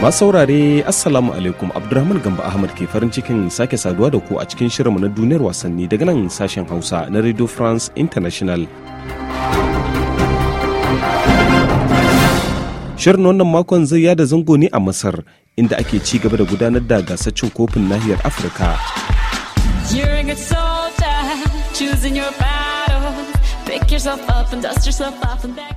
masu saurare assalamu alaikum abdulrahman gamba ahmad ke farin cikin sake saduwa da ku a cikin shirinmu na duniyar wasanni daga nan sashen hausa na radio france international shirin wannan makon zai yada zango ne a masar inda ake ci gaba da gudanar da gasar cin kofin nahiyar afirka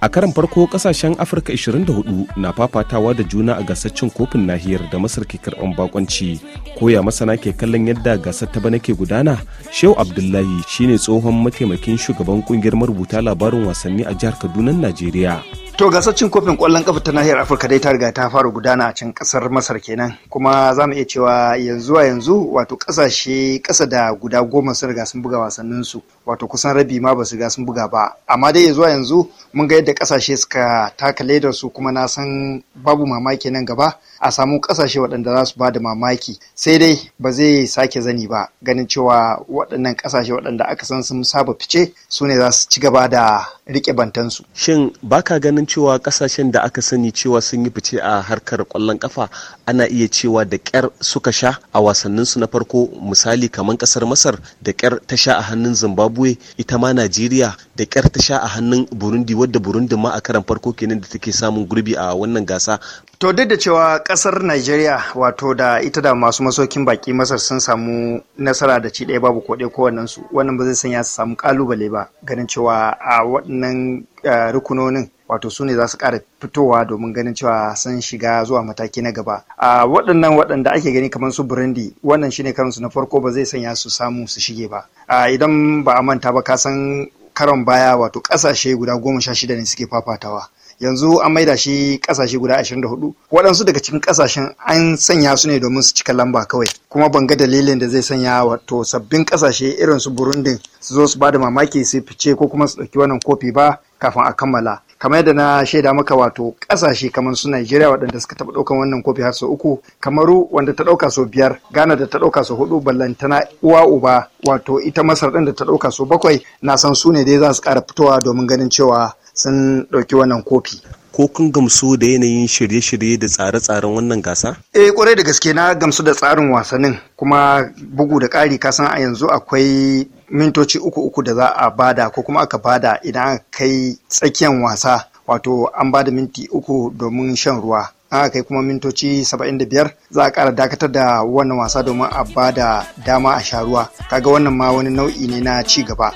A karan farko kasashen Afirka 24 na fafatawa da juna a gasar cin kofin nahiyar da Masar ke karɓan bakonci. Koya masana ke kallon yadda gasar ta bana ke gudana, Shehu Abdullahi shine tsohon mataimakin shugaban kungiyar marubuta labarin wasanni a jihar Kaduna, Najeriya. To gasar cin kofin kwallon kafa ta nahiyar Afirka dai ta riga ta fara gudana a can kasar Masar kenan kuma za mu iya cewa yanzu a yanzu wato kasashe kasa da guda goma sun riga sun buga wasanninsu wato kusan rabi ma ba su ga sun buga ba amma dai zuwa yanzu mun ga yadda kasashe suka taka ledar su kuma na san babu mamaki nan gaba a samu kasashe waɗanda za su ba da mamaki sai dai ba zai sake zani ba ganin cewa waɗannan kasashe waɗanda aka san sun saba fice su ne za su ci gaba da rike bantansu. Shin baka ganin cewa kasashen da aka sani cewa sun yi fice a harkar kwallon kafa ana iya cewa da ƙyar suka sha a wasannin su na farko misali kamar ƙasar Masar da ƙyar ta sha a hannun Zimbabwe zimbabwe ita ma najeriya da kyar ta sha a hannun burundi wadda burundi ma a karan farko kenan da take samun gurbi a wannan gasa to duk da cewa kasar najeriya wato da ita da masu masaukin baki masar sun samu nasara da ci ɗaya babu ko ɗaya kowannen su wannan ba zai sanya su samu kalubale ba ganin cewa a wannan eh, rukunonin wato su ne za su ƙara fitowa domin ganin cewa sun shiga zuwa mataki na gaba a waɗannan waɗanda ake gani kamar su burundi wannan shine karansu na farko ba zai sanya su samu su shige ba idan ba a manta ba ka san karon baya wato kasashe guda goma sha shida ne suke fafatawa yanzu an maida shi kasashe guda 24 waɗansu daga cikin kasashen an sanya su ne domin su cika lamba kawai kuma ban ga dalilin da zai sanya wato sabbin kasashe irin su burundin su zo su bada mamaki su fice ko kuma su ɗauki wannan kofi ba kafin a kammala kamar yadda na shaida maka wato kasashe kamar su Najeriya waɗanda suka taɓa ɗaukan wannan kofi har sau uku kamaru wanda ta ɗauka sau biyar Ghana da ta ɗauka sau hudu ballantana uwa uba wato ita Masar ɗin da ta ɗauka sau bakwai na san su ne dai za su ƙara fitowa domin ganin cewa sun ɗauki wannan kofi. ko kun gamsu da yanayin shirye-shirye da tsare-tsaren wannan gasa? Eh kwarai da gaske na gamsu da tsarin wasannin kuma bugu da ƙari kasan a yanzu akwai mintoci uku uku da za a bada ko kuma aka bada idan aka kai tsakiyan wasa wato an bada minti uku domin shan ruwa aka kai kuma mintoci 75 za a kara dakatar da wannan wasa domin a ba da dama a sha ruwa kaga wannan ma wani nau'i ne na ci gaba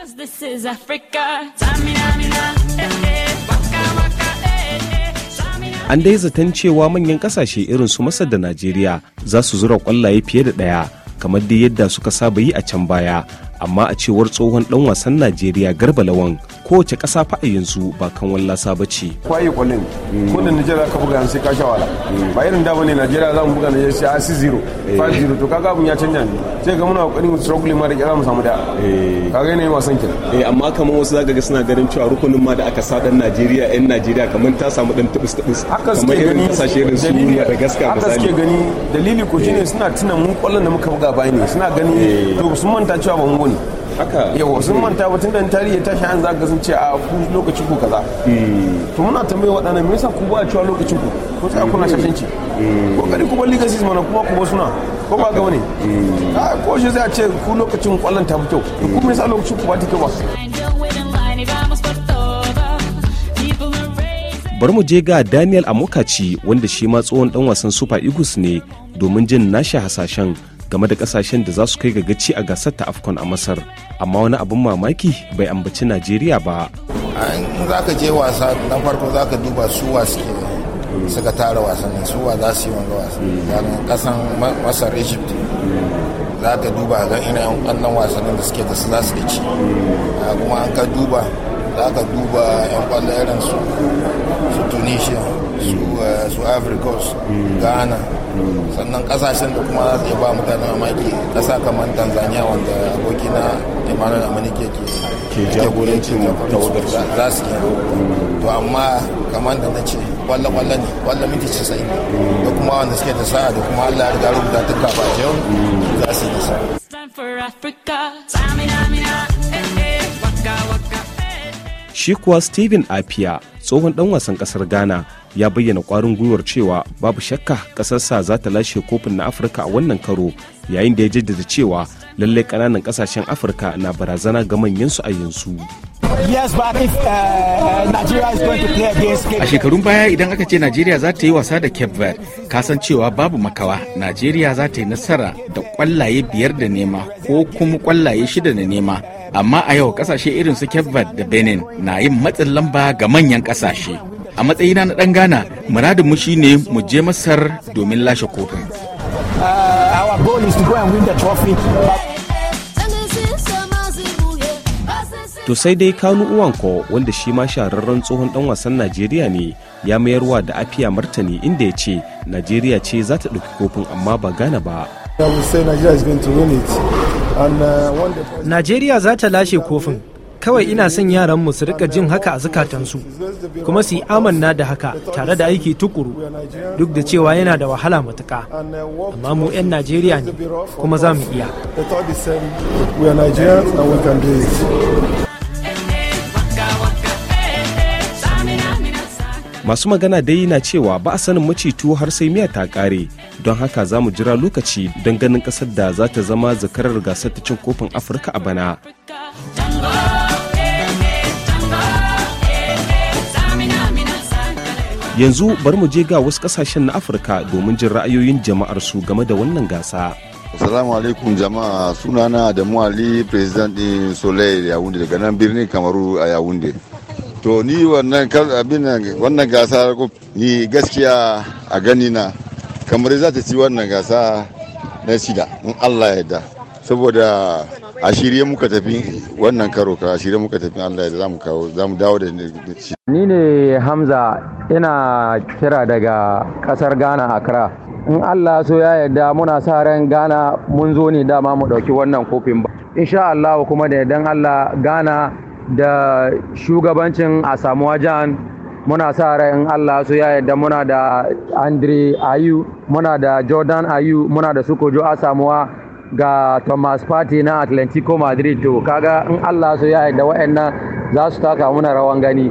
an dai zaton cewa manyan kasashe irin su masar da najeriya za su zura kwallaye fiye da ɗaya kamar dai yadda suka saba yi a can baya amma a cewar tsohon dan wasan najeriya garba lawan kowace ƙasa fa a yanzu ba kan lasa ba ce. Kwaye kwallon ko da ka buga sai ka sha wala. Ba irin da bane Najeriya za mu buga Najeriya sai a si zero, eh. five zero to kaga abun ya canja ne. Sai ka muna kokarin mu struggle ma da kira mu samu da. Eh. Kaga ne wasan kin. Eh amma kamar wasu zaka ga suna ganin cewa rukunin ma da aka sa dan Najeriya yan Najeriya kamar ta samu dan tubus tubus. Haka suke gani kasashe irin su da misali. Haka suke gani dalili ko shine eh. suna tuna mun kwallon da muka buga bayani suna gani to sun manta cewa ba mu ne. haka yawa sun manta batun dan tarihi ya tashi an zaga sun ce a ku lokacin ku kaza hmm. to muna tambaye waɗannan me yasa ku ba cewa lokacin ku hmm. hmm. ko sai kuna shashanci kokari ku bar legacy mana kuma ku suna ko ba ga wani a ko shi a ce ku lokacin kwallon ta fito ku me yasa lokacin ku ba ta kyau ba bari mu je ga daniel amokaci wanda shi ma tsohon dan wasan super eagles ne domin jin nashi hasashen game da kasashen da za su kai gagaci a gasar ta afcon a masar amma wani abin mamaki bai ambaci najeriya ba in za ka je wasa na farko za ka duba su wasu suka tara wasannin su za su yi wanga wasannin kasan masar egypt za ka duba ga ina yan kwallon wasannin da suke da su za su ci kuma an ka duba za ka duba yan kwallon irin su tunisia su eh, africa ghana sannan kasashen da kuma ya ba mutane mamaki kasa kamar tanzania wanda abokina emmanuel amanike ke jagorancin tawadar za su ke to amma kamar da na ce kwallo kwallo ne kwallo minti sai da kuma wanda suke da sa'a da kuma allah ya riga rubuta duk kafa yau za su yi da sa'a eh, eh, shi kuwa Steven Apia tsohon dan wasan kasar ghana ya bayyana kwarin gwiwar cewa babu shakka kasarsa za ta lashe kofin na afirka a wannan karo yayin da ya jaddada cewa lallai kananan kasashen afirka na barazana ga manyansu a yanzu uh, uh, A shekarun baya idan aka ce Najeriya za ta yi wasa da Cape Verde, kasan cewa babu makawa, Najeriya za ta yi nasara da kwallaye biyar da nema ko kuma kwallaye shida da nema. amma a yau kasashe irin su Cape da Benin na yin matsin lamba ga manyan kasashe a matsayina na dan Ghana muradinmu shine mu je Masar domin lashe kofin uh, to sai dai kanu uwanko wanda shi ma shahararren tsohon dan wasan najeriya ne ya mayarwa da afiya martani inda ya ce najeriya ce za ta ɗauki kofin amma ba ghana ba Najeriya za ta lashe kofin. Kawai ina son yaran mu su rika jin haka a zukatansu, kuma su yi amanna da haka tare da aiki tukuru, duk da cewa yana da wahala matuka. Amma mu 'yan Najeriya ne, kuma za mu iya. masu magana dai na cewa ba a sanin macito har sai miya ta kare don haka za mu jira lokaci don ganin kasar da za ta zama zakarar gasar ta cin kofin afirka a bana yanzu bari mu je ga wasu kasashen na afirka domin jin ra'ayoyin jama'ar su game da wannan gasa Assalamu alaikum jama'a sunana adamu ali president din Soleil Yawunde daga nan birnin Kamaru a Yawunde. to ni wannan abin wannan gasa ni gaskiya a gani na kamar za ta ci wannan gasa na shida in Allah ya da saboda a shirye muka tafi wannan karo ka a shirye muka tafi Allah ya zamu kawo mu dawo da shi ni ne Hamza ina kira daga kasar Ghana Accra in Allah so ya yarda muna sa ran Ghana mun zo ne dama mu dauki wannan kofin ba insha Allah kuma da yardan Allah Ghana da shugabancin a samu wajen muna sa rai in Allah su ya yadda muna da Andre Ayu muna da Jordan Ayu muna da Sukojo a samuwa ga Thomas Partey na Atlantico Madrid to kaga in Allah su ya yadda wa'annan za su taka muna rawan gani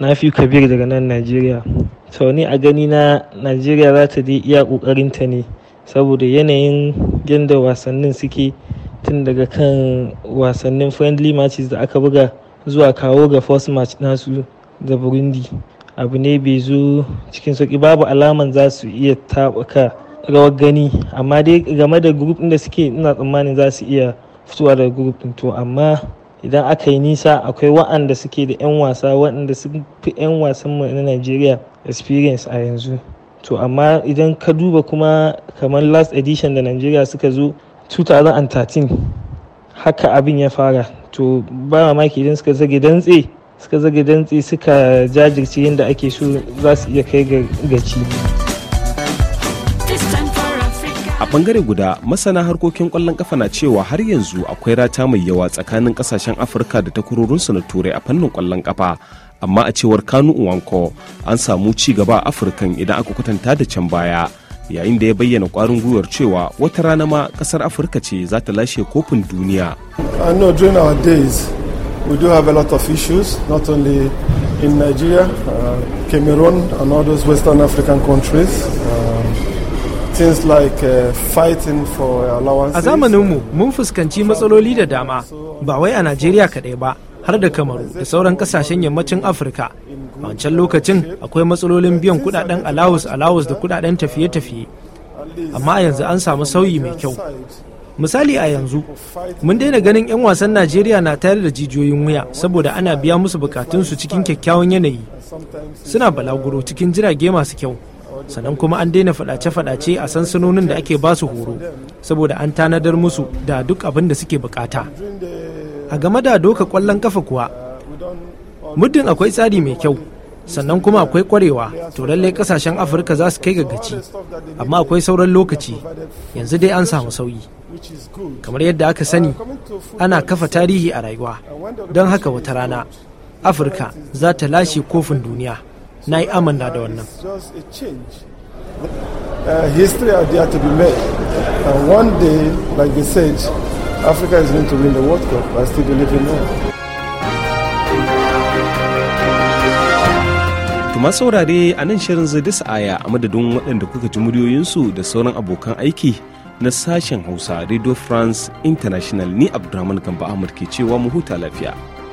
na fi kabir daga nan Najeriya sau ni a gani na Najeriya za ta dai iya ta ne saboda yanayin yadda wasannin suke tun daga kan wasannin friendly matches da aka buga zuwa kawo ga first match nasu da burundi abu ne bai zo cikin sauki babu alaman za su iya taɓuka rawar gani amma dai game da group da suke ina tsammanin za su iya fitowa da group din to amma idan aka yi nisa akwai wa'anda suke da 'yan wasa waɗanda sun fi 'yan wasan mu na nigeria experience a yanzu to amma idan ka duba kuma kamar last edition da nigeria suka zo 2013 haka abin ya fara to ba mamaki idan suka zage dantse suka zage dantse suka jajirce yadda ake so za su iya kai gaci a bangare guda masana harkokin kwallon kafa na cewa har yanzu akwai rata mai yawa tsakanin kasashen afirka da takwarorinsu na turai a fannin kwallon kafa amma a cewar kanu uwanko an samu ci gaba a afirkan idan aka kwatanta da can baya yayin da ya bayyana kwarin gwiwar cewa wata rana ma kasar afirka ce za ta lashe kofin duniya I uh, know during our days, we do have a lot of issues, not only in Nigeria, uh, Cameroon, and all those Western African countries. Uh, things like uh, fighting for allowances. A zamaninmu mun fuskanci matsaloli da dama, ba wai a Najeriya kaɗai ba, har da Kamaru da sauran ƙasashen yammacin Afirka. A wancan lokacin akwai matsalolin biyan kuɗaɗen alawus alawus da kuɗaɗen tafiye-tafiye. Amma yanzu an samu sauyi mai kyau. misali a yanzu mun daina ganin 'yan wasan najeriya na tayar da jijiyoyin wuya saboda ana biya musu bukatunsu cikin kyakkyawan yanayi suna balaguro cikin jirage masu kyau sannan kuma an daina fadace-fadace a sansanonin da ake basu horo saboda an tanadar musu da duk abin da suke bukata a game da doka kwallon kafa kuwa muddin akwai tsari mai kyau sannan kuma akwai kwarewa to lallai kasashen afirka za su kai ga amma akwai sauran lokaci yanzu dai an samu sauyi kamar yadda aka sani uh, ana kafa tarihi a rayuwa don haka wata rana afirka za ta lashe kofin duniya na yi amanna da wannan uh, uh, Africa saurare a nan shirin zai aya a madadin waɗanda kuka ji muryoyinsu da sauran abokan aiki na sashen Hausa Radio France International ni Abdulrahman Gamba Ahmad ke cewa mu huta lafiya.